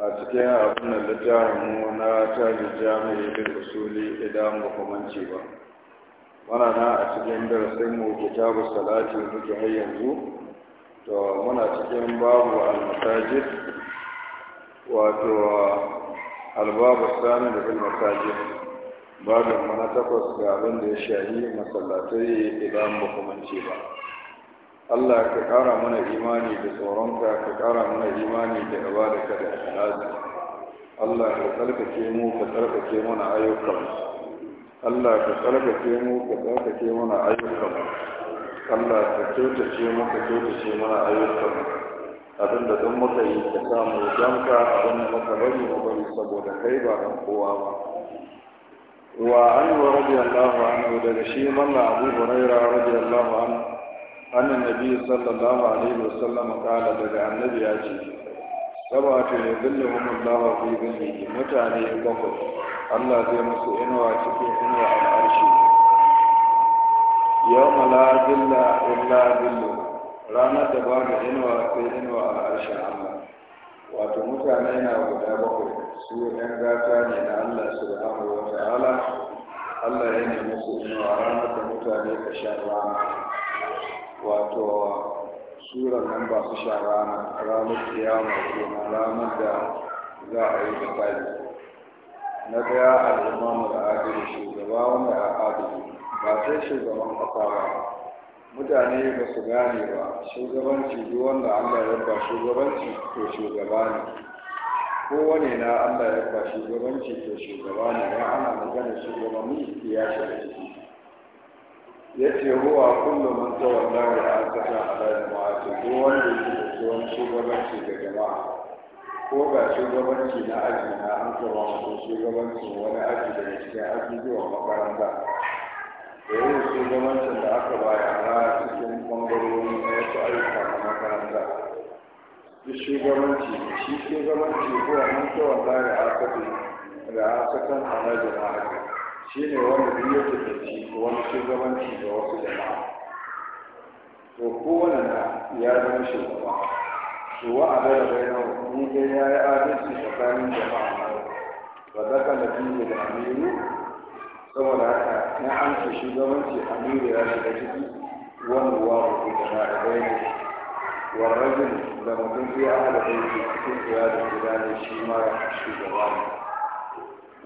a cikin abin da littafinmu na cajin jami'ai da usuli idan ba kumanci ba muna na a cikin darasinmu kitabu salati muke har yanzu to muna cikin babu al-masajid wato albabu sani da bin masajid babin mana takwas ga abin da ya shahi masallatai idan ba kumanci ba Allah ka ƙara mana imani da tsoronka ka ƙara mana imani da ibadaka da ikhlasi Allah ka tsarkake mu ka tsarkake mana ayyukan Allah ka tsarkake mu ka tsarkake mana ayyukan Allah ka kyautace mu ka kyautace mana ayyukan abinda don muka yi ka samu jamka abin da muka bari mu bari saboda kai ba dan kowa ba wa an wa radiyallahu anhu daga shi malla abu hurairah radiyallahu anhu أن النبي صلى الله عليه وسلم قال لك عن نبي عجيب سبعة يظلهم الله في ظله متعني بقل الله زي مسو إنوى تكون إنوى العرش يوم لا ظل إلا ظله ranar da babu inuwa sai inuwa a harshen Allah wato mutane na guda bakwai su ɗan gata ne na Allah subhanahu wa ta'ala Allah ya nemi su inuwa ranar da mutane ka sha rana wato sura nan ba su sha rana ranar kiyama kenan ranar da za a yi tsakani na daya al'imamu da adili shugaba wanda a adili ba sai shugaban kafa ba mutane ba su gane ba shugabanci duk wanda allah ya ba shugabanci to shugaba ne kowane na allah ya ba shugabanci to shugaba ne ya ana magana shugabanni ya shiga ciki ya ce kullum mun tawalla wa asaka ala jama'a duk wanda yake da tsohon shugabanci da jama'a ko ga shugabanci na aji na an kama mutum shugabancin wani aji daga cikin ajujuwan makaranta da yin shugabancin da aka baya a cikin bangarori na wasu ayyuka na makaranta da shugabanci shi shugabanci ko an tawalla da asaka da asakan a jama'a shi ne wanda duk ya tafi wani shugabanci da wasu jama'a to kowane na ya zama shugaba to wa a dara bai na ni dai ya yi adalci tsakanin jama'a na ba da ka da fiye da amiru saboda haka na an ce shugabanci amiru ya shiga ciki wani wa ku da na da bai ne warrajin da mutum ya hada bai cikin iyalin da gudanar shi ma shugaba ne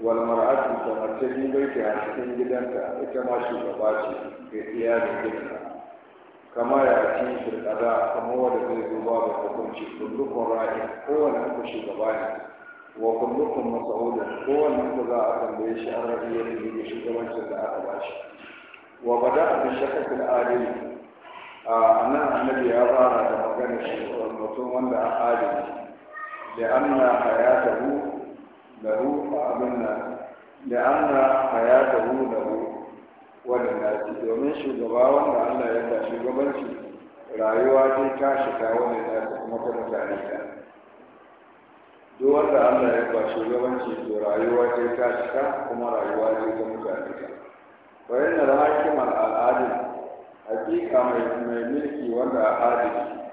walmar'atu da mace biyu baiti a cikin gidanta ita ma shugaba ce ga iyalin gidanta kama ya ci shirkada kama wanda zai zo ba da hukunci kullukun ra'ayi kowane ku shugaba ne wa kullukun masauda kowane ku za a tambaye shi an rabi ya yi da shugabancin da aka ba shi wa ba bada a bin shakakul adili a nan annabi ya fara da magana shi mutum wanda a adili da anna hayatahu lahu abin nan da anna hayatahu lahu wannan nasi domin shugaba wanda Allah ya ta shugabanci rayuwa ce ta shiga wannan nasi kuma ta mutane ta duk wanda Allah ya shugabanci to rayuwa ce ta shiga kuma rayuwa ce ta mutane ta wa yana hakiman al'adil hakika mai mulki wanda al'adil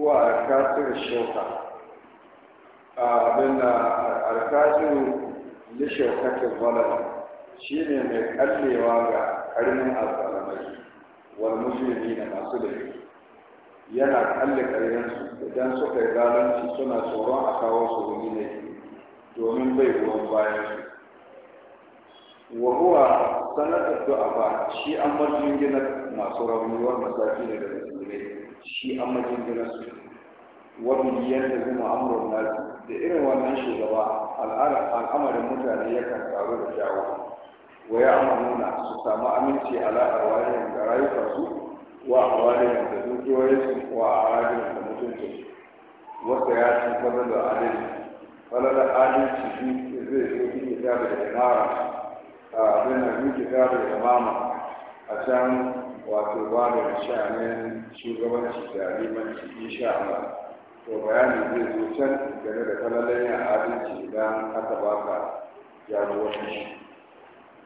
huwa kasir shauka abin da alkashin lishe kakin zalar shi ne mai kallewa ga karnin alzalamai wal musulmi na masu laifi yana kalli karyansu idan suka yi zalunci suna tsoron a kawo su wani ne domin bai ruwan bayan su wa huwa sanatar du'afa shi an majin gina masu rauni wanda safi ne da musulmi shi an majin gina su wani yadda kuma amurin nasu da irin wannan shugaba al'amarin mutane ya kan taru da jawo waya ya su samu aminci a arwahin da rayukansu wa arwahin da dukiyoyinsu wa arwahin da mutuncinsu wata ya ci da adalci fadar adalci shi zai zo cikin kitabu da imara a abin da cikin kitabu da mama, a can wato ba da shanin shugabanci da limanci insha Allah to bayanin zai zo can game da kalalai a adalci idan aka baka shi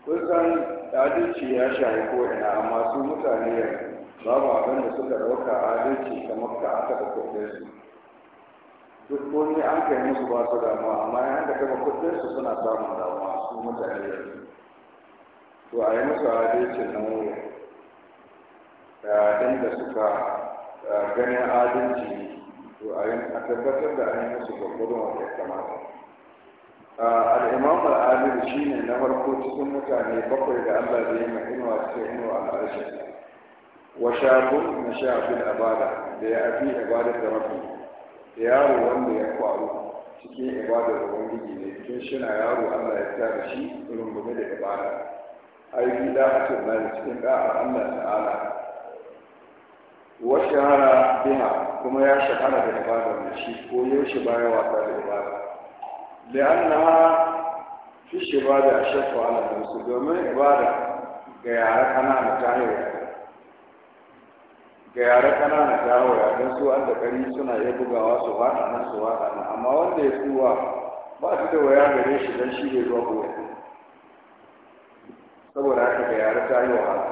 kun san adalci ya shayi ko'ina, ina amma su mutane babu abin da suka ɗauka adalci kamar ka aka da kuɗin su duk wani an kai musu ba su damuwa amma in aka kama kuɗin su suna samun damuwa su mutane yanzu to a yi musu abinci nan wuya da inda suka ganin adalci to a tabbatar da an yi musu babbar wanda ya kamata al'imam shine shi ne na farko cikin mutane bakwai da allah zai yi inuwa cikin inuwa harshen wa shagun na shafin abada da ya fi ibadar da mafi da yaro wanda ya kwaru cikin ibadar da ubangiji ne tun shina yaro allah ya tara shi rungume da ibada ai bi da'atun na cikin da'a allah ta'ala wa biha kuma ya shahara da ibada da shi ko yaushe baya wasa da ibada la'anna fi ibada shafa ala nafsi domin ibada ga yara kanana ta haihuwa ga yara kanana ta haihuwa don su an da kari suna iya bugawa su fada nan su fada nan amma wanda ya tsuwa ba su da waya gare shi don shi bai zuwa koya saboda haka ga yara ta haihuwa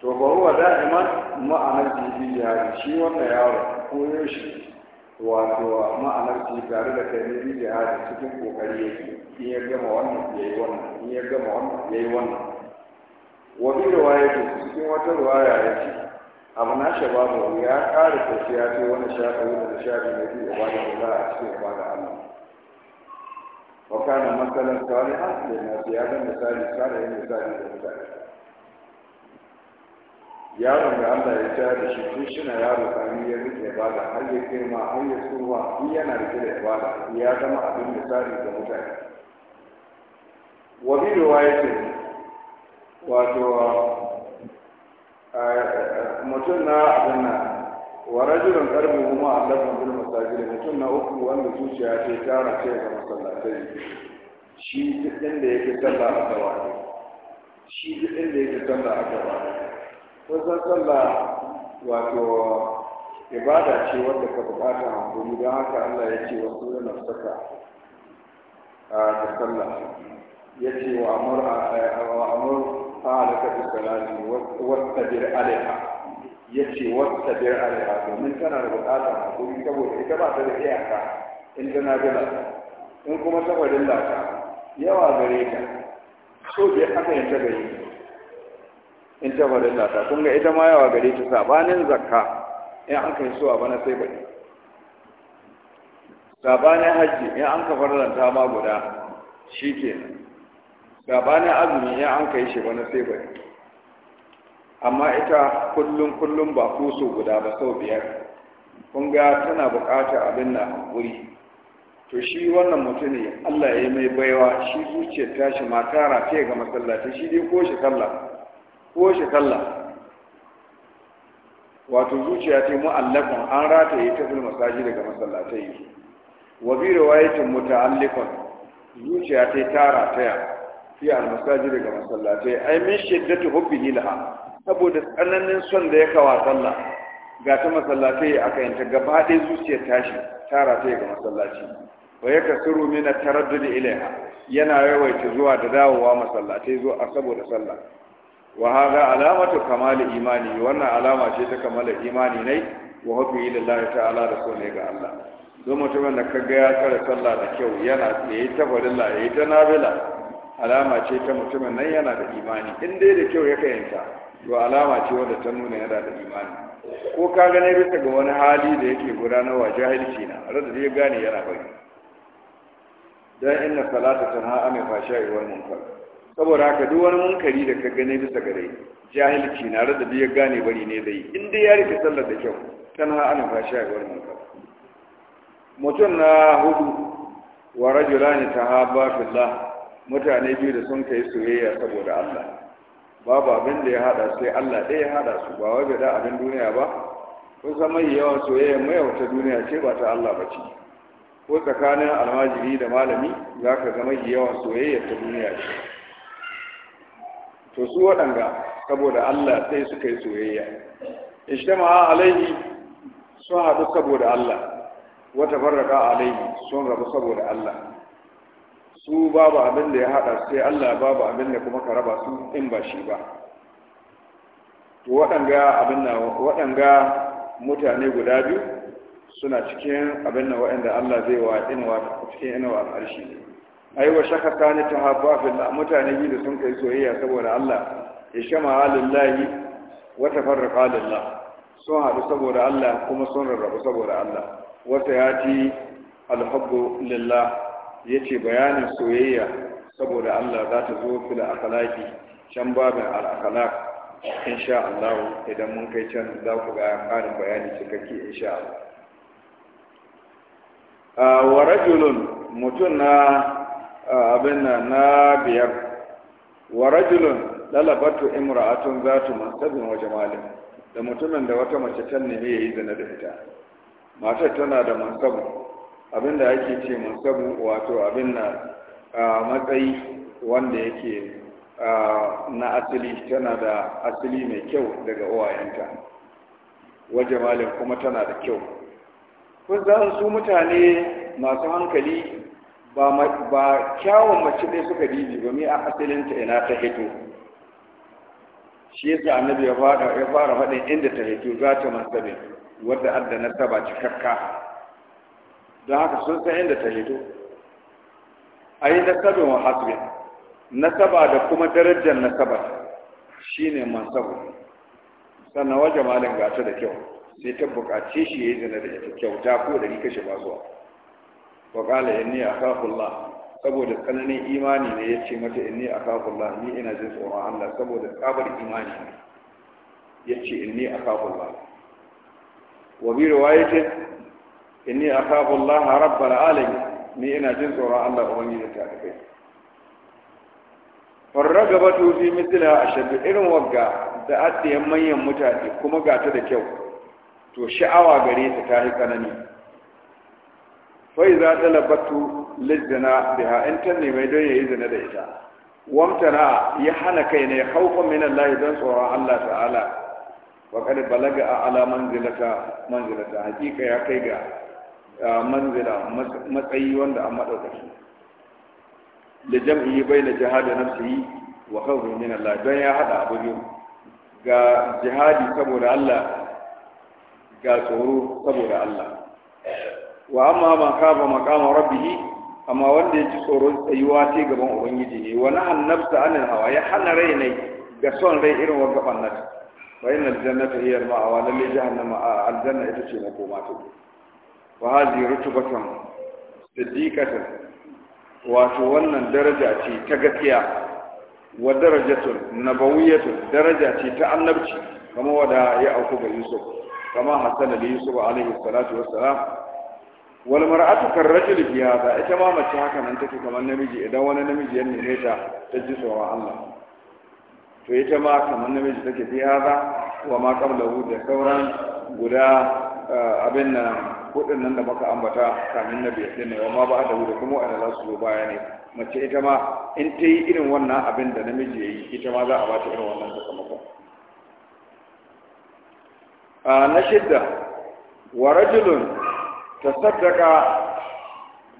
to ba huwa da'ima ma'anar jibi jihari shi wannan yaro ko shi wato ma'anar shi tare da kai ne jihari cikin kokari yake in ya gama wannan ya yi wannan in ya gama wannan ya yi wannan wa bi riwaya ce cikin wata riwaya ya ce abu na shababu ya ƙara ya ce wani shafi da shafi na biyu ibada da za a cikin ibada Allah wa kana masalan salihan da na ya dan misali salihin misali da mutane yaron da Allah ya tayar da shi tun shi shina yaro tsami ya rike ibada har ya girma har ya tsuwa in yana rike da ibada ya zama abin misali ga mutane wa bi riwayatin wato mutum na abin nan wa rajulun karbi kuma Allah bil masajid mutum na uku wanda zuciya ce tara ce ga masallatai shi duk inda yake sallah a gaba shi duk inda yake sallah a gaba kusan sallah wato ibada ce wanda ka bukata hankali don haka Allah ya ce wasu na saka a ta sallah ya ce wa amur amur a halaka da salati wata bir alaiha ya ce wata bir alaiha domin tana da bukata hankali saboda ita ba ta da iyaka in tana gina in kuma saboda lata yawa gare ta so bai haka ya ta in ta farilla ta kun ga ita ma yawa gare ta sabanin zakka in an kai suwa bana sai baɗi sabanin hajji in an ka farlanta ma guda shi kenan sabanin azumi in an kai shi bana sai baɗi amma ita kullum kullum ba su guda ba sau biyar kun ga tana buƙatar abin na wuri to shi wannan ne Allah ya yi mai baiwa shi zuciyar tashi ma tara ce ga masallaci shi dai ko shi sallah ko shi sallah wato zuciya yi mu'allafan an yi ta fil masaji daga masallatai wa bi riwayatin muta'alliqan zuciya ta tara taya fi al masaji daga masallatai ai min shiddatu hubbihi laha saboda tsananin son da ya kawa sallah ga ta masallatai aka yanta gaba ɗaya zuciyar tashi tara ta ga masallaci wa ya kasuru min taraddudi ilaiha yana yawaita zuwa da dawowa masallatai zuwa saboda sallah wa haga alamatu kamal imani wannan alama ce ta kamal imani ne wa hubbi lillahi ta'ala da so ne ga Allah don mutumin da kaga ya kare sallah da kyau yana yayi ta yayi ta Nabila alama ce ta mutumin nan yana da imani in dai da kyau ya kayanta to alama ce wanda ta nuna yana da imani ko ka gane bisa ga wani hali da yake gudanarwa jahilci na rada da ya gane yana bari dan inna salata tanha amin fashai wal munkar saboda haka duk wani munkari da ka gane bisa gare jahilci na rada ya gane bari ne zai in dai ya rike sallar da kyau tana ana fashi a wani munkar mutum na hudu wa ta tahaba fillah mutane biyu da sun kai soyayya saboda Allah babu abin da ya hada sai Allah ɗaya ya hada su ba wai da abin duniya ba Ko mai yawan soyayya mai wata duniya ce ba ta Allah ba ce ko tsakanin almajiri da malami za ka ga mai yawan soyayya ta duniya ce to su waɗanga saboda Allah sai suka yi soyayya ijtama alaihi sun haɗu saboda Allah wata farraka alaihi sun rabu saboda Allah su babu abin da ya haɗa sai Allah babu abin da kuma ka raba su in ba shi ba to waɗanga abin na mutane guda biyu suna cikin abin da waɗanda Allah zai wa inuwa cikin inuwa al'arshi ne ai wa ne ta hafa filla mutane yi da sun kai soyayya saboda Allah ya shama alillahi wa tafarraqa lillah sun haɗu saboda Allah kuma sun rarrabu saboda Allah wata ya ci alhabbu lillah ya ce bayanin soyayya saboda Allah za ta zo fila akalaki can babin al'akalak sha Allah idan mun kai can za ku ga ƙarin bayani cikakke insha Allah ah, wa rajulun mutum na abin na biyar wa rajulun lalabatu imra'atun zatu mansabin wa jamalin da mutumin da wata mace ta nemi yayi zina da ita matar tana da mansabu abinda yake ce mansabu wato abin na matsayi wanda yake na asali tana da asali mai kyau daga uwayenta wa jamalin kuma tana da kyau kun za su mutane masu hankali ba ba kyawun mace dai suka dibi ba mai a asalin ta ina ta hito shi yasa annabi ya fara ya fara faɗin inda ta hito za ta mansabe wadda adda saba cikakka don haka sun san inda ta hito ayi nasabin wa hasbin nasaba da kuma darajar nasaba shine mansabu sannan wajen malin gata da kyau sai ta buƙace shi ya yi zina da ita kyauta ko da ni kashe ba zuwa wa qala inni akhafu Allah saboda tsananin imani ne ya ce mata inni akhafu Allah ni ina jin tsoron Allah saboda tsabar imani ne ya ce inni akhafu Allah wa bi riwayatin inni akhafu Allah rabbal alamin ni ina jin tsoron Allah ubangiji ta kai farragabatu fi mithla ashad irin wagga da addiyan manyan mutane kuma gata da kyau to sha'awa gare ta ta yi tsanani fai za ta labatu lijjana biha in ta nemi don ya yi zina da ita wamtana ya hana kai ne haufan min Allah don tsoron Allah ta'ala wa kada balaga a ala manzilata manzilata hakika ya kai ga manzila matsayi wanda an madaukaki da jam'i bai na jihadi yi wa khawfin min Allah don ya hada abu biyu ga jihadi saboda Allah ga tsoro saboda Allah wa amma man kafa maqama rabbih amma wanda ya ci tsoron tsayuwa ce gaban ubangiji ne wa nahan nafsa anil hawa ya hana rai ne ga son rai irin wa gaban nan wa inna aljannata hiya al-ma'wa lalle jahannama aljanna ita ce makoma ta wa hadhihi rutubatan siddiqatan wato wannan daraja ce ta gaskiya wa darajatun nabawiyatu daraja ce ta annabci kama wada ya auku ga Yusuf kama hasan da Yusuf alaihi salatu wassalam wal mar'atu kar rajul fi ita ma mace haka nan take kamar namiji idan wani namiji ya neme ta ta ji wa Allah to ita ma kamar namiji take biya hada wa ma qablahu da sauran guda eh, abin nan kudin nan da muka ambata kamin nabi ya ne wa ma ba da da kuma ana za su zo baya ne mace ita ma in ta yi irin wannan abin da namiji ya yi ita ma za a ta irin wannan sakamakon ah, na shidda wa rajulun ta sadaka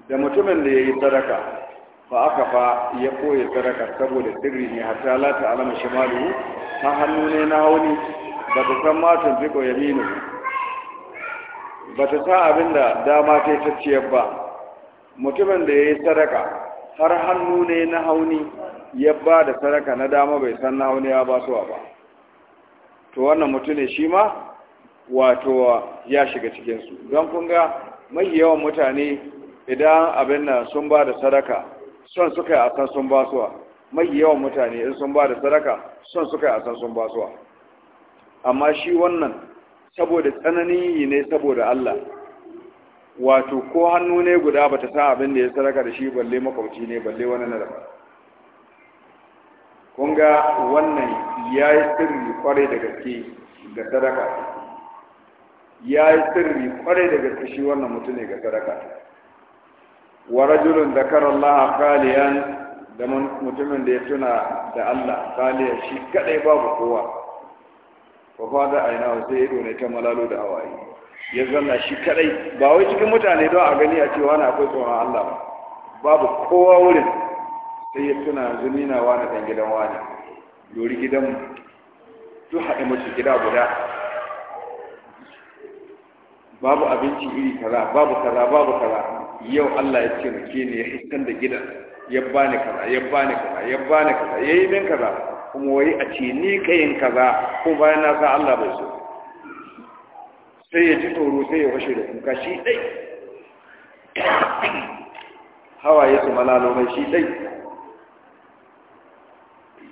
da mutumin da ya yi sadaka fa aka fa ya koya sadaka saboda sirri ne hatta la ta alama shimali ta hannu ne na hauni ba ta san matan ziko minu ba ta san abin da dama ta yi tacciyar ba mutumin da ya yi sadaka har hannu ne na hauni ya ba da sadaka na dama bai san na hauni ya ba suwa ba to wannan mutum ne shi ma wato ya shiga cikinsu don kunga mai yawan mutane idan abin nan sun ba da sadaka son suka yi a san sun basuwa mai yawan mutane in sun ba da sadaka son suka yi a san sun basuwa amma shi wannan saboda tsananin yi ne saboda Allah wato ko hannu ne guda ba ta san abin da ya sadaka da shi balle makwabci ne balle wani na daban kun ga wannan ya yi sirri kwarai da gaske ga sadaka ya yi sirri kwarai daga kashi wannan mutum ne ga sadaka wa rajulun zakara Allah khaliyan da mutumin da ya tuna da Allah khaliyan shi kadai babu kowa fa fada aina sai ido ne ta malalo da hawaye ya zanna shi kadai ba wai cikin mutane don a gani a cewa na akwai tsoron Allah ba babu kowa wurin sai ya tuna yanzu wa na wani dan gidan wani lori gidan to haɗe mace gida guda babu abinci iri kaza babu kaza babu kaza yau Allah ya ce muke ne ya hitan da gidan ya bani kaza ya bani kaza ya bani kaza yayi yi min kaza kuma wai a ce ni kayin kaza ko bayan na sa Allah bai so sai ya ji tsoro sai ya washe da kuka shi dai ya su malalo mai shi dai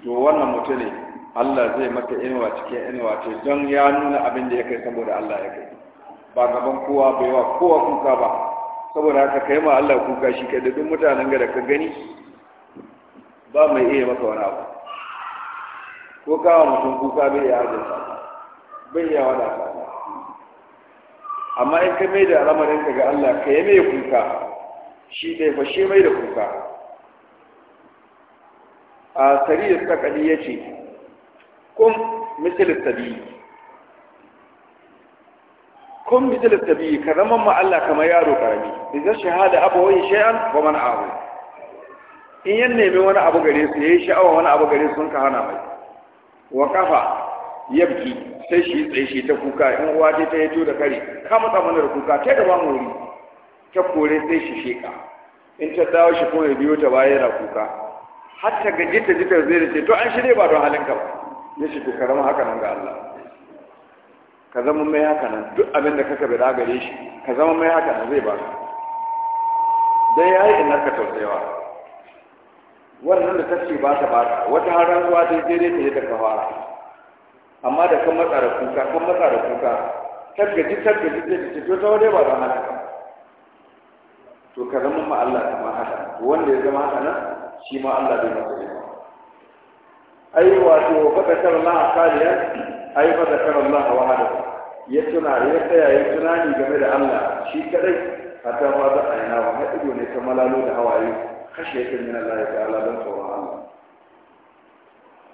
to wannan mutane Allah zai maka inuwa cikin inuwa ce don ya nuna abin da ya kai saboda Allah ya kai ba gaban kowa bai wa kowa kuka ba saboda haka kai ma Allah kuka shi kai da duk mutanen ga da ka gani ba mai iya maka wani abu ko kawo mutum kuka bai iya sa, bai iya wadata amma in ka mai da al'amarin ka ga Allah ka mai kuka shi dai fa shi mai da kuka a sari takali sakali ya ce kun misalin sabili kun bi da tabi ka zama ma Allah kamar yaro karami idan shahada abawai shay'an wa man abu. in yan nemi wani abu gare su yayi sha'awa wani abu gare sun ka hana mai wa kafa yabki sai shi tsaye shi ta kuka in uwa ta ta yato da kare ka matsa mana da kuka ta da bamu wuri ta kore sai shi sheka in ta dawo shi kuma ya biyo ta baya yana kuka har ta gaji ta ji ta zai da ce to an shirya ba don halin ka ba ne shi to karama haka nan ga Allah ka zama mai haka nan duk abin da kaka bada gare shi ka zama mai haka nan zai ba don ya yi inar ka tausayawa wannan da tafi ba ta ba ta wata haran ruwa dai dai ta yadda ka fara amma da kan matsara kuka kan matsara kuka tabgaji tabgaji zai ta to ta dai ba za haka to ka zama ma Allah ta ma haka wanda ya zama haka nan shi ma Allah zai masa ai wato fakatar a kariya. ai fa zakara Allah wahada ya tuna ya tsaya ya ni game da Allah shi kadai hatta ma za a yana ha ido ne ta malalo da hawaye kashe ya min Allah ya ta'ala don tsoron Allah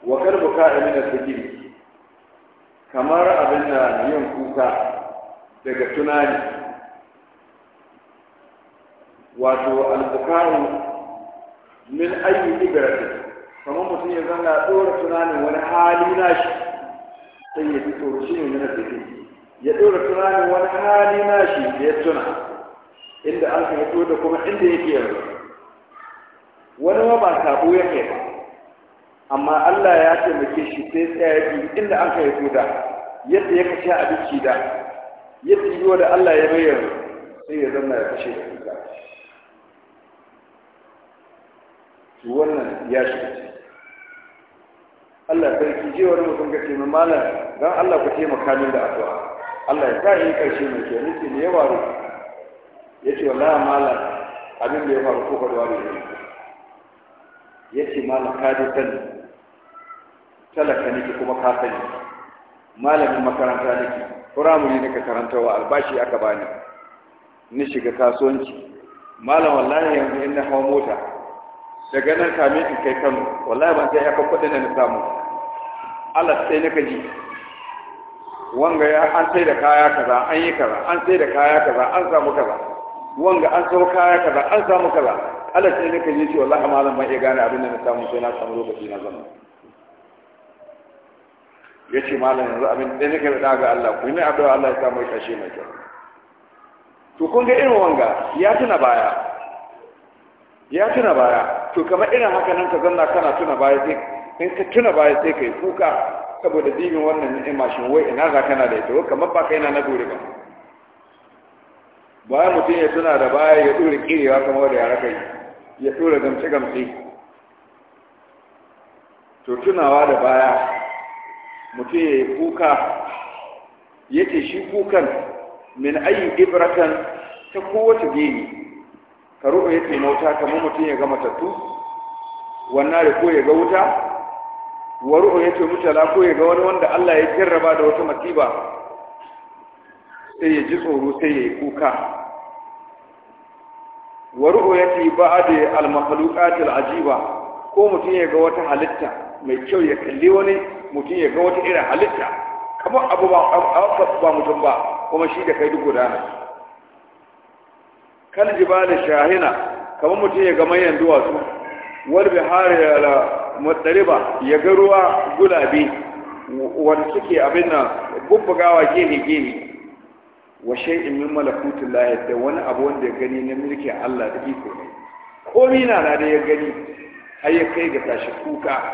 wa kalbu min al-fikri kamar abin da yin kuka daga tunani wato al-bukaru min ayyi ibrati kamar mutum ya zanna dora tunanin wani hali nashi sai ya ji shi ne na da ya ɗora tunanin wani hali na shi da ya tuna inda an ka hito da kuma inda yake yanzu wani ma ba sabo ya kai ba amma Allah ya taimake shi sai tsaya bi inda an ka hito da yadda ya kashe abinci da yadda yiwa da Allah ya bayyana sai ya zanna ya kashe da kuka wannan ya shiga Allah sarki je wani mutum ka ce min malam dan Allah ku taimaka min da addu'a Allah ya sa yi karshe mai ke nake ne ya waru yace wallahi malam abin da ya faru ko faruwa ne Yace ce malam ka je sani talaka nake kuma ka sani malamin makaranta nake firamuni nake karantawa albashi aka bani ni shiga kasuwanci malam wallahi yanzu in na hawo mota daga nan kamin in kai kano wallahi ban sai yakan kuɗin da na samu Allah sai na kaji. wanga ya an sai da kaya kaza an yi kaza an sai da kaya kaza an samu kaza wanga an sau kaya kaza an samu kaza Allah sai na kaji ce wallahi malam ban iya gane abin da na samu sai na samu lokaci na zama ya ce malam yanzu abin da nake da ga Allah ku yi mai addu'a Allah ya samu kashe mai kyau to kun ga irin wanga ya tuna baya ya tuna baya to kamar irin haka nan ka zanna kana tuna baya sai in ka tuna baya sai kai kuka saboda dibin wannan ni'ima shin wai ina za kana da ita kamar ba kai na na dore ba baya mutum ya tuna da baya ya dore kirewa kamar da yara kai ya dore gamce gamce to tunawa da baya mutum ya yi kuka ya shi kukan min ayi ibratan ta kowace gini ka ruɓa ya taimauta kamar mutum ya ga matattu wannan ko ya ga wuta wa ruɓa ya taimutala ko ya ga wani wanda Allah ya jarraba da wata masiba sai ya ji tsoro sai ya yi kuka wa ruɓa ya ta yi ba'a da almahalukatul ajiba ko mutum ya ga wata halitta mai kyau ya kalli wani mutum ya ga wata irin halitta kamar abu ba mutum ba kuma shi da kai duk gudana kal jibali shahina kamar mutum ya ga manyan duwatsu wal bihari la muttariba ya ga ruwa gulabe wanda suke abin nan bubbugawa gini gini wa shay'in min malakutil lahi da wani abu wanda ya gani na mulkin Allah da iko ne komai na da ya gani har ya kai ga tashi kuka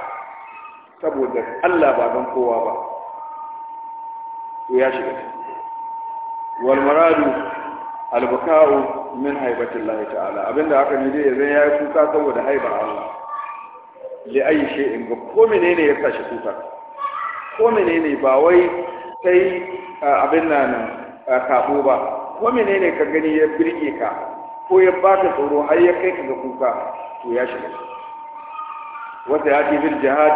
saboda Allah ba ban kowa ba to ya shiga wal maradu al buka'u min haibatin lahi ta'ala abinda haka ne dai zai ya yi kuka saboda haibar Allah li ayi shay'in ba ko menene ya sa shi kuka ko menene ba wai sai abin nan kabo ba ko menene ka gani ya birge ka ko ya baka tsoro har ya kai ka ga kuka to ya shiga wata ya ce bil jihad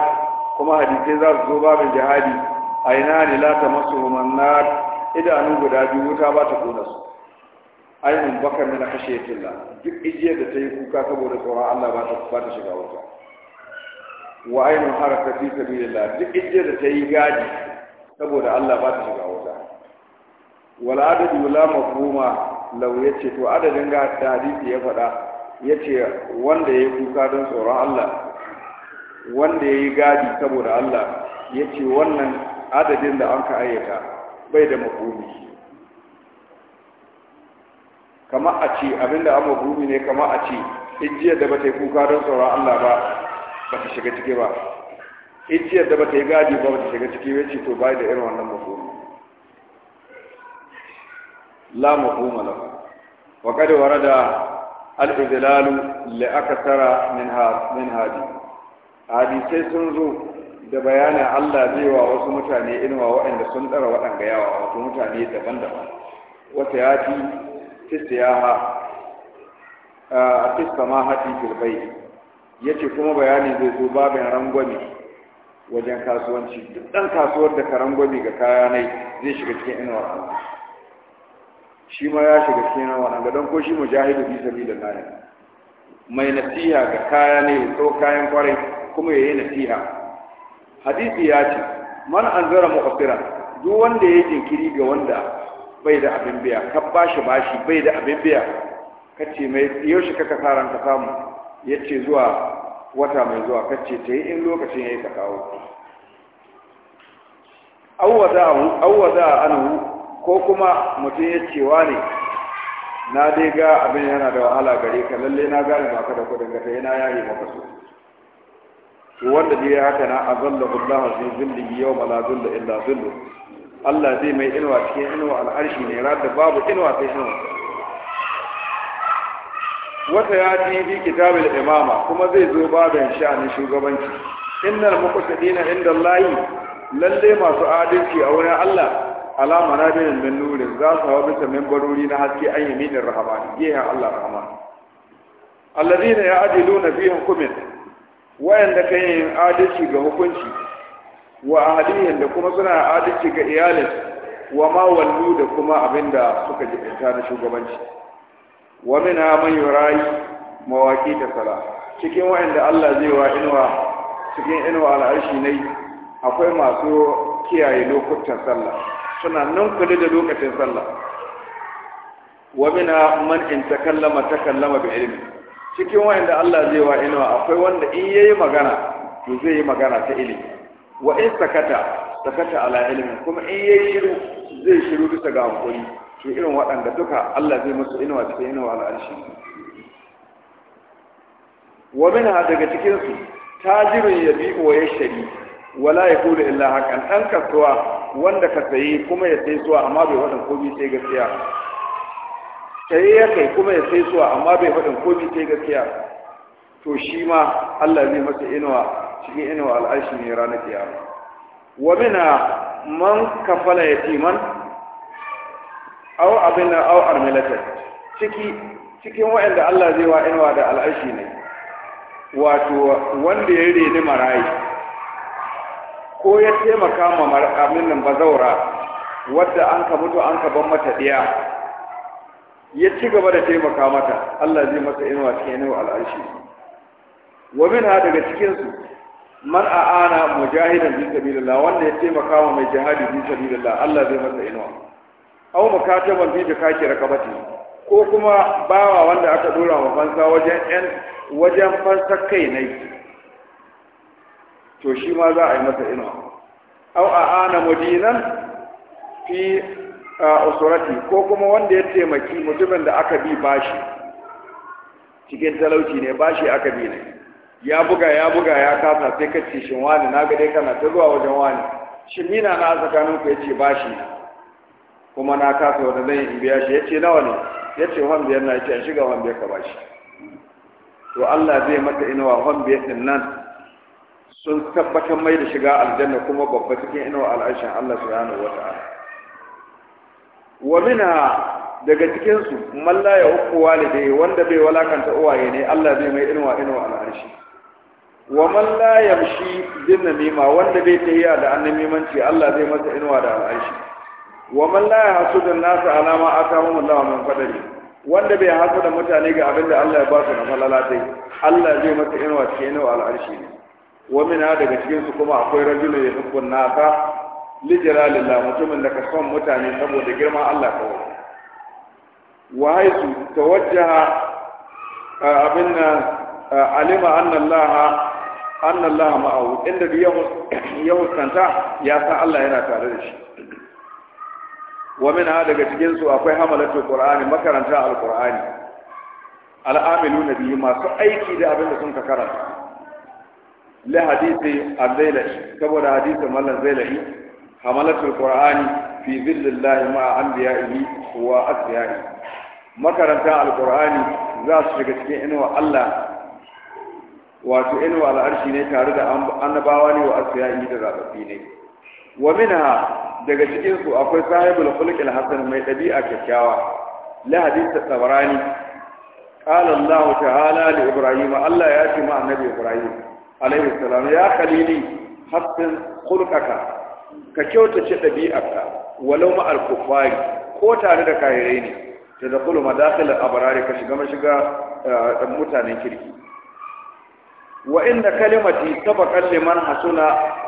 kuma hadisi za su zo babin jihadi aina ne la tamassuhum an-nar idanu guda biyu wuta ba ta kona su ainihin bakar mina kashe ya tilla duk ijiyar da ta yi kuka saboda tsoron allah ba ta shiga wuta wa ainihin haraka fi sabilillah duk ijiyar da ta yi gadi saboda allah ba ta shiga wuta wal adadu la mafhuma law yace to adadin ga hadisi ya faɗa yace wanda yayi kuka don tsoron Allah wanda yayi gadi saboda Allah yace wannan adadin da an ka ayyata bai da mafhumi kama a ce abinda amma gumi ne kama a ce ijiyar da bata yi kuka don tsoron Allah ba ta shiga ciki ba ijiyar da bata yi gadi ba ta shiga ciki ya ce to bai da irin wannan mafhumi la mafhuma la wa qad warada al-idlal li akthara min min hadi hadisai sun zo da bayanin Allah zai wa wasu mutane inuwa waɗanda sun tsara waɗanga yawa wato mutane daban-daban wata yati fi siyaha a fi samahati fil yace kuma bayani zai zo babin rangwami wajen kasuwanci duk dan kasuwar da ka rangwami ga kaya nai zai shiga cikin ina Allah shi ma ya shiga cikin inuwar ga don ko shi mujahidu fi sabilillah mai nasiha ga kaya ne ya kayan kwarai kuma ya yi nasiha hadisi ya ce man anzara muqsiran duk wanda ya jinkiri ga wanda bai da abin biya ka bashi bashi bai da abin biya ka ce mai yaushe kaka karan ka samu ya ce zuwa wata mai zuwa ka ce ta yi in lokacin ya yi ka kawo za a anu ko kuma mutum ya cewa ne na dai ga abin yana da wahala gare ka lalle na gane maka da kudin gata yana yayi maka so wanda dai ya haka na azallahu Allah fi zillihi yau la zulla illa zilluh Allah zai mai inuwa cikin inuwa al'arshi ne ran babu inuwa sai inuwa wata ya ci bi kitabul imama kuma zai zo babin sha'anin shugabanci innal dina inda layi lalle masu adalci a wurin Allah alama na bin min nurin za su hau bisa membarori na haske an yaminin rahman gehen Allah rahama. ya rahman alladhina ya'diluna fi hukmin wayanda kan yi adalci ga hukunci wa ahlihin da kuma suna adalci ga iyalin wa ma wallu da kuma abinda suka jibinta na shugabanci wa min man yurayi mawaki ta sala cikin wa'anda Allah zai wa inuwa cikin inuwa al'arshi ne akwai masu kiyaye lokutan sallah suna nan kula da lokacin sallah wa min man in takallama takallama bi ilmi cikin wa'anda Allah zai wa inuwa akwai wanda in yayi magana to zai yi magana ta ilimi wa in sakata sakata ala ilmin kuma in yayi shiru zai shiru bisa ga hankali, to irin waɗanda duka Allah zai musu inuwa cikin inuwa al'arshi wa minha daga cikin su tajirun yabi wa yashri wala yaqulu illa hakan an kasuwa wanda ka sayi kuma ya sai suwa amma bai wadan komai sai gaskiya sai ya kai kuma ya sai suwa amma bai wadan komai sai gaskiya to shi ma Allah zai masa inuwa cikin inuwa al'arshi ne ranar kiyama wa mina man kafala yatiman aw abin aw armilatan ciki cikin waɗanda Allah zai wa inuwa da al'arshi ne wato wanda ya reni marayi ko ya taimaka ma marƙamin nan bazaura wadda an ka mutu an ka ban mata ɗiya ya ci gaba da taimaka mata Allah zai masa inuwa cikin inuwa al'arshi wa mina daga cikinsu man a ana mujahidan fi sabilillah wanda ya taimaka wa mai jihadi fi sabilillah Allah zai masa inuwa aw makataban fi jakaki rakabati ko kuma bawa wanda aka dora wa fansa wajen yan wajen fansa kai ne to shi ma za a yi masa inuwa aw ana mudinan fi usurati ko kuma wanda ya taimaki mutumin da aka bi bashi cikin talauci ne bashi aka bi ne ya buga ya buga ya kasa sai ka ce shin wani na ga dai kana ta zuwa wajen wani shin mina na tsakanin ku yace ba shi kuma na kasa wanda zai in biya shi yace nawa ne yace wan biyar na yace an shiga wan biyar ka ba shi to Allah zai mata inuwa wan biyar din nan sun tabbatar mai da shiga aljanna kuma babba cikin inuwa al'ashin Allah subhanahu wata'ala wa mina daga cikinsu malla ya hukku walidai wanda bai walakanta uwaye ne Allah zai mai inuwa inuwa al'arshi wa man la yamshi bin namima wanda bai tahiya da annamimanci Allah zai masa inuwa da al'aishi wa man la yahsudu an-nas ala ma atahum Allah min fadli wanda bai hasu da mutane ga abinda Allah ya ba su na falalatai Allah zai masa inuwa cikin inuwa al'arshi ne wa min daga cikin su kuma akwai rajulun yuhibbun nasa li jalalillah mutumin da ka son mutane saboda girman Allah kawai wa haisu tawajjaha abin nan alima anna Allah anna Allah ma'ahu inda duk ya huskanta ya san Allah yana tare da shi wa min ha daga cikin su akwai hamalatul qur'ani makaranta alqur'ani al'amiluna bihi masu aiki da abin da sun ka karanta la hadisi al-zailai saboda hadisin mallan zailai hamalatul qur'ani fi zillallahi ma'a anbiya'ihi wa asya'ihi makaranta alqur'ani za su shiga cikin inuwa Allah wato inuwa al'arshi ne tare da annabawa ne wa asiyayi da zababbi ne wa minha daga cikin su akwai sahibul khuluq hasan mai dabi'a kyakkyawa la hadith tabarani qala Allah ta'ala li Ibrahim Allah ya ce ma annabi Ibrahim alaihi salam ya khalili hasan khuluqaka ka kyautace dabi'arka walau ma al-kuffari ko tare da kafirai ne tadkhulu madakhil al-abrari ka shiga mashiga eh, mutanen kirki wa inda kalimati sabaqan liman hasuna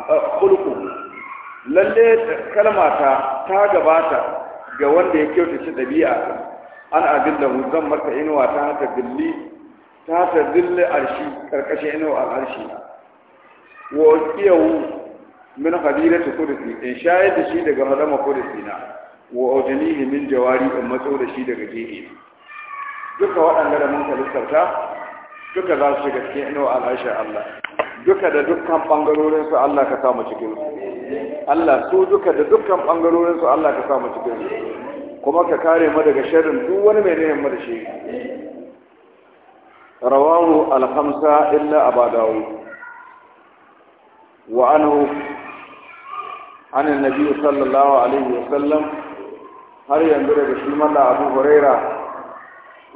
uh, khuluquhu lalle kalmata ta gabata ga wanda ya kyautace dabi'a an abin da zan maka inuwa ta haka dilli ta haka dilli arshi karkashin inuwa arshi wa kiyawu min ta kudusi in shayar da shi daga hadama kudusi na wa aujanihi min jawari in matso da shi daga gehe duka waɗanda da mun ka duka za su shiga cikin inuwa al'ashin Allah duka da dukkan bangarorin su Allah ka samu cikin su Allah su duka da dukkan bangarorin su Allah ka samu cikin su kuma ka kare mu daga sharrin duk wani mai neman da shi rawahu alhamsa illa aba dawud wa anhu an annabi sallallahu alaihi wasallam har yanzu daga shi malla abu huraira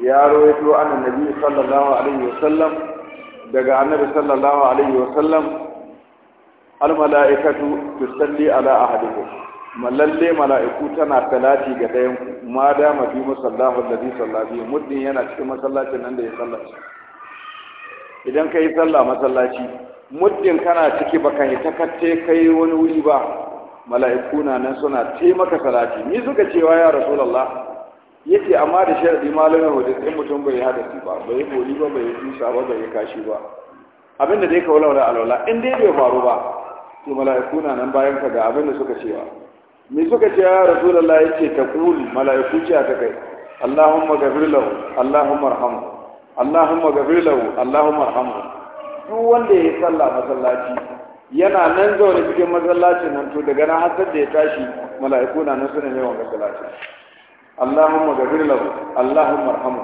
ya rawaito an annabi sallallahu alaihi wasallam daga annabi sallallahu alaihi wasallam al mala'ikatu tusalli ala ahadikum mallalle mala'iku tana salati ga ɗayan ma da ma mafi musallahu alladhi sallabi muddin yana cikin masallacin nan da ya sallaci idan ka yi sallah masallaci muddin kana ciki baka yi takatte kai wani wuri ba mala'iku na nan suna taimaka salati ni suka cewa ya rasulullah yake amma da sharadi malamin waje in mutum bai hadasi ba bai boli ba bai tusa ba bai kashi ba abinda dai ka walaula alwala in dai bai faru ba to mala'iku na nan bayan ka ga abinda suka cewa me suka ce ya rasulullah yace taqul mala'iku ce ta kai allahumma ghafir lahu allahumma arhamhu allahumma ghafir lahu allahumma arhamhu duk wanda ya sallah masallaci yana nan zaune cikin masallacin nan to daga nan har da ya tashi mala'iku na nan suna ne masallacin اللهم غفر له اللهم ارحمه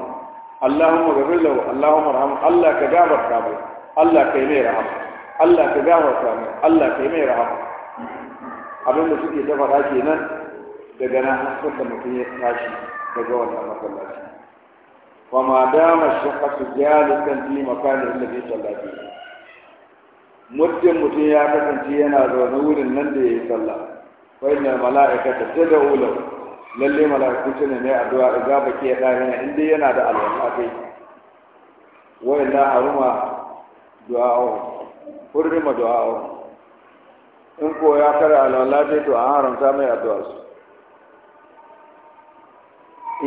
اللهم غفر له اللهم ارحمه الله كجابر كابر الله كيمي رحم الله كجابر كابر الله كيمي رحم abin da suke ta faɗa nan, daga nan har da mutum ya tashi daga wannan masallaci wa ma dama shaqqatu jalisan fi makani alladhi sallati muddin mutum ya kasance yana zaune wurin nan da ya yi sallah wa inna malaikata tad'u lahu lalle mala'iku su ne a addu'a ga baki ya dare ne inda yana da alwala kai Wai na haruma du'a'u hurrima du'a'u in ko ya kare alwala dai to an haramta mai addu'a su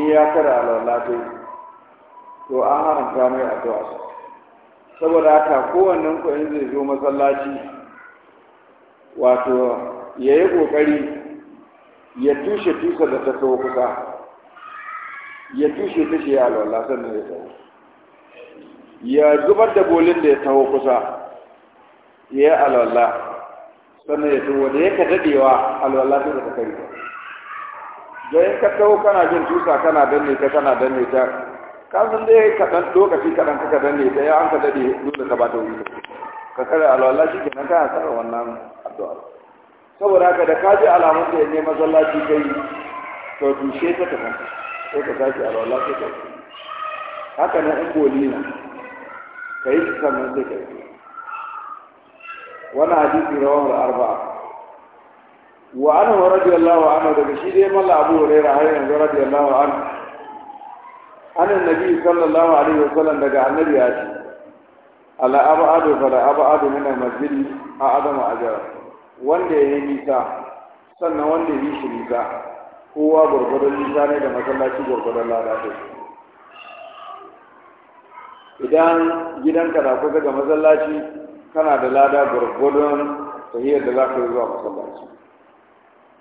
in ya kare alwala dai to an haramta mai addu'a su saboda haka ko ku in zai zo masallaci wato yayi kokari ya tushe tusa da ta taho kusa ya tushe ta shi ya alwala sannan ya taho ya zubar da bolin da ya taho kusa ya yi alwala sannan ya taho da ya ka daɗewa alwala sai da ta kai da in ka taho kana jin tusa kana danne ta kana danne ta da ya yi kaɗan lokaci kaɗan ka danne ta ya an ka daɗe dole ka ba ta wuce ka kare alwala shi kenan ka hasara wannan addu'a saboda haka da kaji alamun da ya nema zallaci kai to dushe ta tafi sai ka tashi a rawar lafiya yi haka na in boli na ka yi sannan sai ka yi Wani hadisi rawar arba'a wa wa radiyallahu anhu daga shi dai malla abu raira har yanzu radiyallahu an anan nabi sallallahu alaihi sallam daga annabi ya ce ala abadu fala abu min al-masjid a adama ajara wanda ya yi nisa sannan wanda ya yi shi nisa kowa gwargwadon nisa ne da masallaci gwargwadon lada idan gidanka na kusa ga masallaci kana da lada gwargwadon tahiyar da za ka yi zuwa masallaci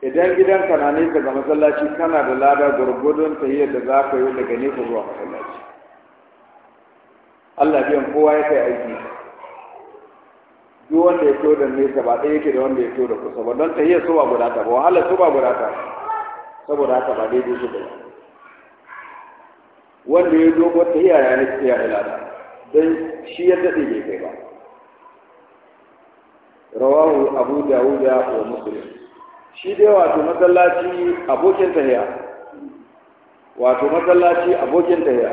idan gidanka na nesa ga masallaci kana da lada gwargwadon tahiyar da za ka yi daga nesa zuwa masallaci Allah biyan kowa ya kai aiki duk wanda ya to da nesa ba ɗaya yake da wanda ya to da kusa ba don tahiyar su ba guda ta ba wahalar su ba guda saboda haka ba daidai su bai, wanda ya dogo tahiya ya ne tahiya ilada don shi ya daɗe bai kai ba rawahu abu dawuda wa muslim shi dai wato masallaci abokin tahiya wato masallaci abokin tahiya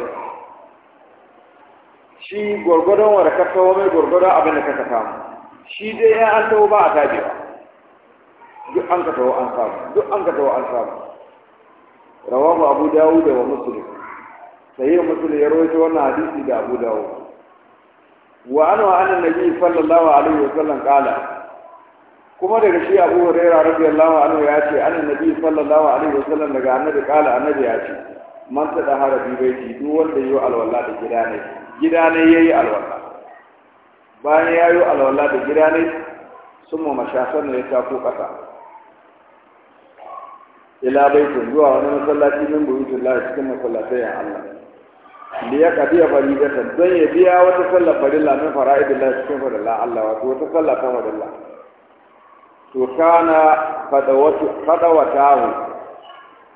shi gwargwadon warkar kawo mai gwargwadon abin da ka samu shi dai ya an tawo ba a ba duk an ka tawo an samu duk an ka tawo an samu rawahu abu da wa sai sahih musulun ya rawaito wannan hadisi da abu dawo. wa an wa anan nabi sallallahu alaihi wasallam kala kuma daga shi abu hurairah radiyallahu anhu ya ce anan nabi sallallahu alaihi wasallam daga annabi kala annabi ya ce man tada harabi ji duk wanda yayi alwala da gida ne gida ne yayi alwala bayan ya yi alwala da gida ne sun mu mashasar ne ya tako kasa ila bai baitin zuwa wani masallaci min buyutun lahi cikin masallatai yan Allah da ya da ta? don ya biya wata sallar farilla min fara'idillahi cikin farilla Allah wato wata sallar ta farilla to kana fadawatahu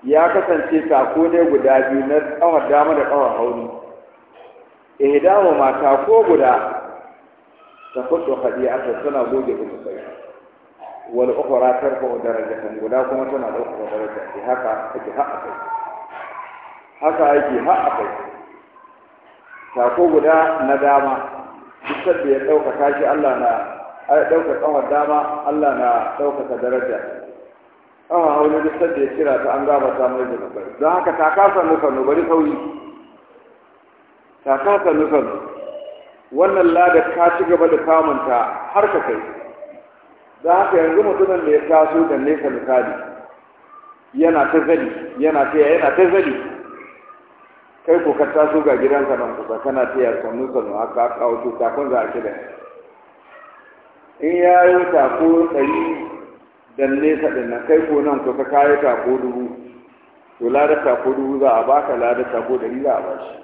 ya kasance ko ne guda biyu na tsawon dama da tsawon hauni ihdamu ma ko guda tafutu khadi'ata tana goge kusai wal ukhra tarfa'u darajatan guda kuma tana dauka daraja ki haka take haka kai haka guda na dama duk da ya dauka dama Allah na dauka daraja awa hauli duk da ya kira ta an gaba ta da don haka ta kasa bari ta kasa wannan lada ka ci gaba da samunta har ka kai da haka yanzu mutumin da ya taso da nesa misali yana ta zali yana ta yana ta zali kai ko ka taso ga gidanka nan kusa kana ta yar sannu sannu haka aka kawo to takon za a kida in ya yi tako ɗari da nesa ɗin nan kai ko nan kusa ka yi tako dubu to lada tako dubu za a baka lada tako ɗari za a bashi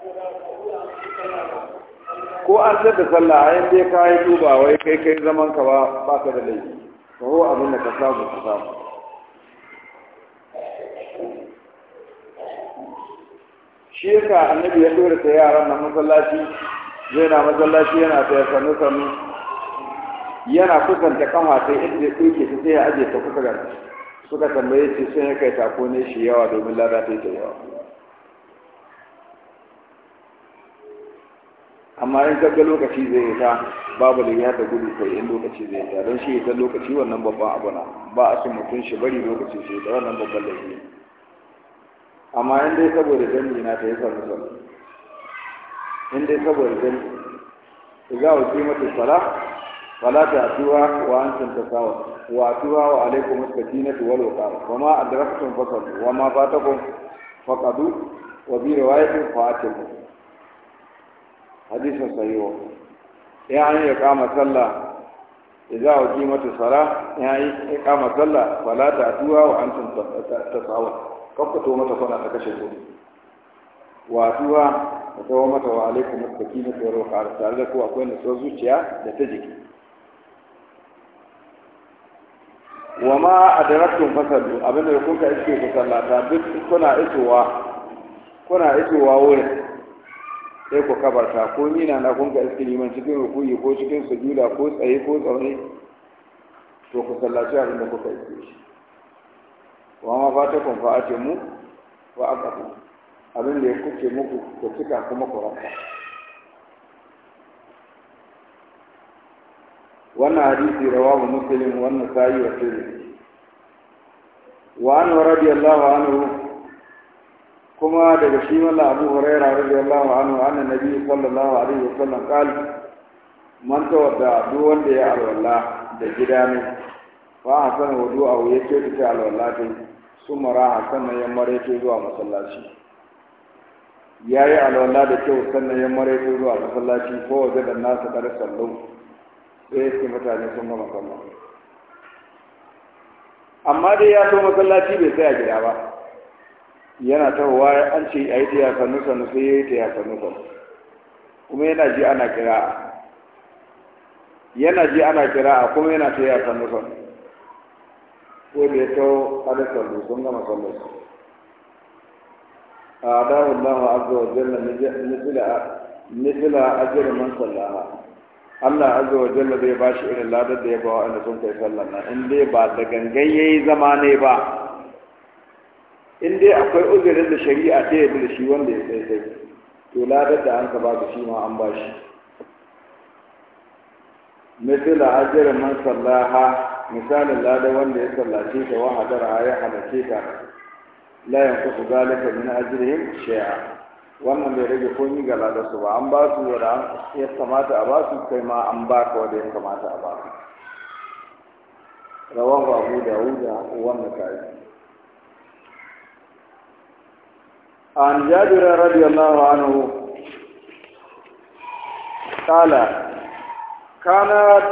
ko an da sallah a yadda ya kayi tuba wai kai kai zaman ka ba ba ka da laifi ko ho abin da ka samu ka samu shi yasa annabi ya dora ta yaran na masallaci zai na masallaci yana ta sanu sanu yana ta kama sai inda ya tsoke ta sai ya aje ta kusa ga suka tambaye shi sun ya kai tako ne shi yawa domin lada ta yawa amma in kaga lokaci zai yi ta babu da yadda da gudu kai in lokaci zai yi ta don shi ta lokaci wannan babban abu na ba a son mutum shi bari lokaci sai ta wannan babban laifi amma in dai saboda dangi na ta yi samu sal in dai saboda dangi idza sala sala ta tuwa wa antum tasawa wa tuwa wa alaikum as na wal waqar wa ma adraktum fasallu wa ma fatakum faqadu wa bi riwayatin fa'atikum hadisin sahihu ya an ya kama sallah idza uqimat as-salah ya yi kama sallah fala ta'tuha wa antum tasawun to mata kuna ta kashe ku wa tuwa ta mata wa alaikum as-sakinah wa ruha tare da ku akwai nutsuwar zuciya da ta jiki wa ma adraktum fasallu abinda kun ka iske ku sallata duk kuna isowa kuna isowa wurin sai ku kabarta ko ni na kun ga iske liman cikin rukuyi ko cikin sujuda ko tsaye ko tsaune to ku sallaci abin da kuka iske shi wa ma fata kun fa'ate mu wa aqatu abin da ya kuke muku ku cika kuma ku ranka wannan hadisi rawahu muslim wannan sa'i wa tirmidhi wa an radiyallahu anhu kuma daga shi mala abu huraira radiyallahu anhu anna nabi sallallahu alaihi wasallam qal man tawadda duk wanda ya alwala da gida ne fa hasana wudu'ahu ya ce ta alwala ta summa raha sannan ya marece zuwa masallaci ya yi alwala da kyau sannan ya marece zuwa masallaci ko waje da nasu kar sallau sai ya ce mutane sun gama sallah amma dai ya so masallaci bai tsaya gida ba yana tahowa an ce a yi ta sannu nusa sai ya yi ta sannu nusa kuma yana ji ana kira yana ji ana kira kuma yana ta yi nusa ko da ya taho hada sallu sun gama sallu a dawo Allah azza wa jalla misla misla ajr man sallaha Allah azza wa jalla zai bashi irin ladar da ya ba wa sun kai sallan nan in dai ba da gangan yi zama ne ba in dai akwai uzurin da shari'a ta yi da shi wanda ya sai sai to ladar da an ka ba shi ma an ba shi misali ajiyar man sallaha misalin ladar wanda ya sallace ta wa a ya halace ta layan kusa zalika min ajiyar shay'a wannan bai rage komi ga ladar su ba an ba su wanda ya kamata a ba su kai ma an ba ka wanda ya kamata a ba su rawahu abu wanda ka yi. عن جابر رضي الله عنه قال كانت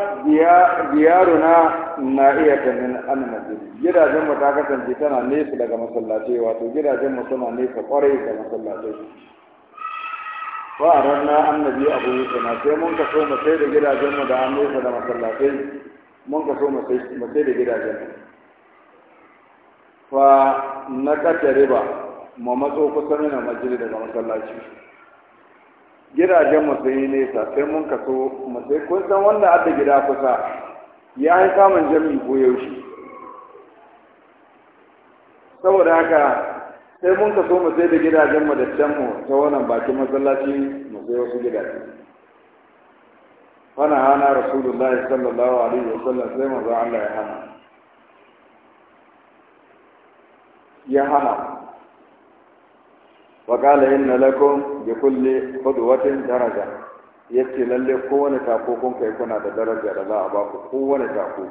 ديارنا نائية من المسجد gidajen mu ta kasance tana nesa daga masallaci wato gidajen mu nesa kwarai da masallaci wa a ranar annabi abu yusuf sai mun kaso mu sai da da an nesa da masallaci mun kaso gidajen mu matso kusa mina majiri daga masallaci gidajen mu yi nesa sai mun kaso mu sai kun san wanda adda gida kusa ya yi samun jami ko yaushe saboda haka sai mun kaso mu sai da gidajen mu da can mu ta wannan bakin masallaci mu sai wasu gidaje fana hana rasulullahi sallallahu alaihi wasallam sai manzo Allah ya hana ya hana wa qala inna lakum kulle kulli qudwatin daraja yace lalle kowane tako kun kai kuna da daraja da za a ba ku kowane tako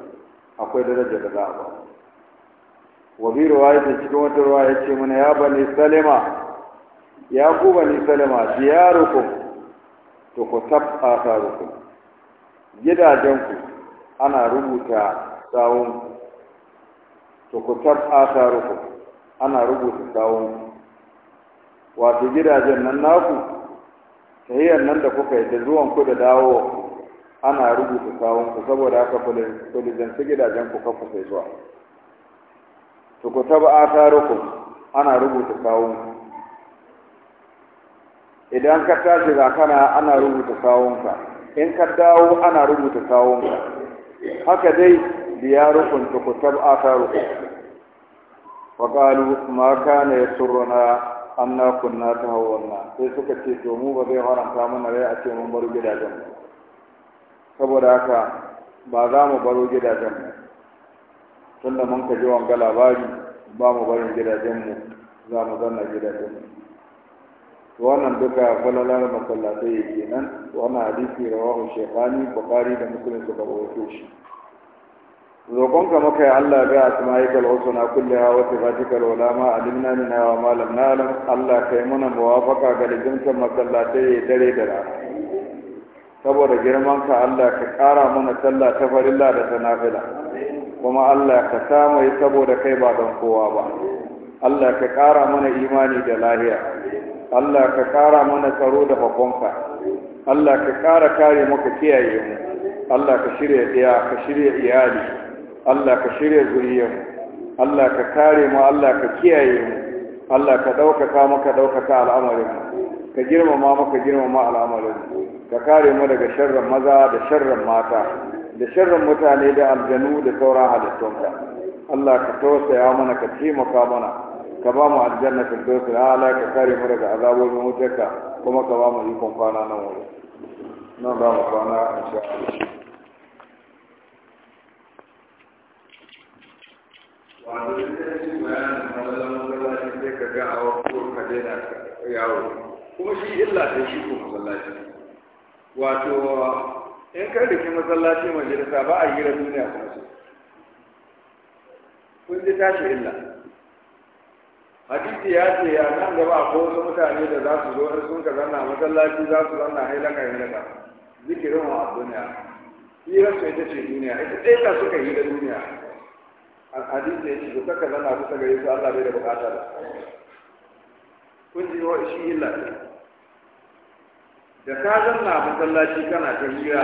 akwai daraja da za a ba ku wa bi riwayatin cikin wata riwaya yace ya bani salima ya ku bani salima diyarukum to ku tabba sarukum gidajenku ana rubuta sawunku to ku tabba sarukum ana rubuta sawunku wato gidajen nan naku tahiyar nan da kuka yi da zuwan ku da dawo ana rubuta kawon ku saboda haka su gidajen ku kafa sai zuwa to ku taba asarukum ana rubuta kawon ku idan ka tashi zakana ana rubuta ka in ka dawo ana rubuta ka haka dai rukun. ku tukutab asarukum wa qalu ma kana yasurruna anna kunna ta wanna, sai suka ce to mu ba zai haramta mana rai a ce mun baro gidajen saboda haka ba za mu baro gidajen mu tunda mun ka ji wanga labari ba mu barin gidajen mu za mu zanna gidajen mu wannan duka falalar masallatai yake nan wannan hadisi rawahu shekhani bukari da muslim suka rawaito shi ka maka ya Allah ga asma'ikal husna kullaha wa sifatikal ula ma alimna min wa ma lam na'lam Allah kai muna muwafaqa ga lizimtan masallatai dare da rana saboda girman ka Allah ka kara mana sallah ta farilla da ta nafila kuma Allah ka samu saboda kai ba don kowa ba Allah ka ƙara mana imani da lahiya Allah ka ƙara mana tsaro da bakonka Allah ka ƙara kare maka kiyaye mu Allah ka shirya ɗaya ka shirya iyali Allah ka shirya zuriyar Allah ka kare mu Allah ka kiyaye mu Allah ka ɗaukaka maka ɗaukaka al'amarin ka girmama maka girmama al'amarin ka kare mu daga sharrin maza da sharrin mata da sharrin mutane da aljanu da sauran halittunka Allah ka tausaya mana ka taimaka mana ka ba mu aljanna firdausul Allah ka kare mu daga azabobin wutarka kuma ka ba mu ikon kwana nan wuri nan za mu kwana insha Allah wato duk da shi bayanin matsalar masallaci sai ka ga a wasu ka daina yawo kuma shi illa sai shi ko masallaci wato in ka rike masallaci majalisa ba a yi hira duniya kuma su kun ji tashi illa hadisi ya ce ya nan gaba ko wasu mutane da za su zo in sun ka zanna masallaci za su zanna hailaka hailaka zikirin wa a duniya hira su ita ce duniya ita ɗaya ta suka yi da duniya hadisi ya ce ku saka zana kusa gare su Allah bai da bukata ba kun ji wa shi illa da ka zanna masallaci kana ta hira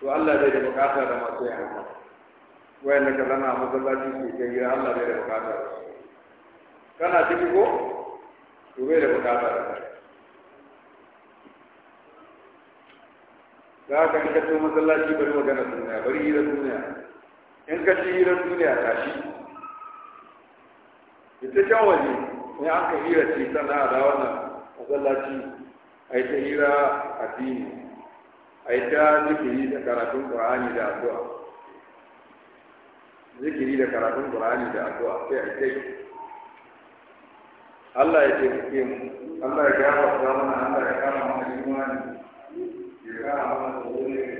to Allah bai da bukata da masu yin haka wayanda ka zanna masallaci ke ta hira Allah bai da bukata da kana ciki ko to bai da bukata da kai za ka fito masallaci bari magana duniya bari hira duniya in ka ci hirar duniya ta shi ita can waje ne an ka hira ce ta na da wannan matsalaci a yi ta hira a addini a yi ta zikiri da karatun ƙur'ani da addu'a zikiri da karatun ƙur'ani da addu'a sai a yi ta Allah ya ce taimake mu Allah ya gafarta mana Allah ya kama mana imani ya kama mana tsoro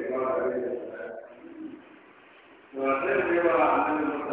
我这个吧。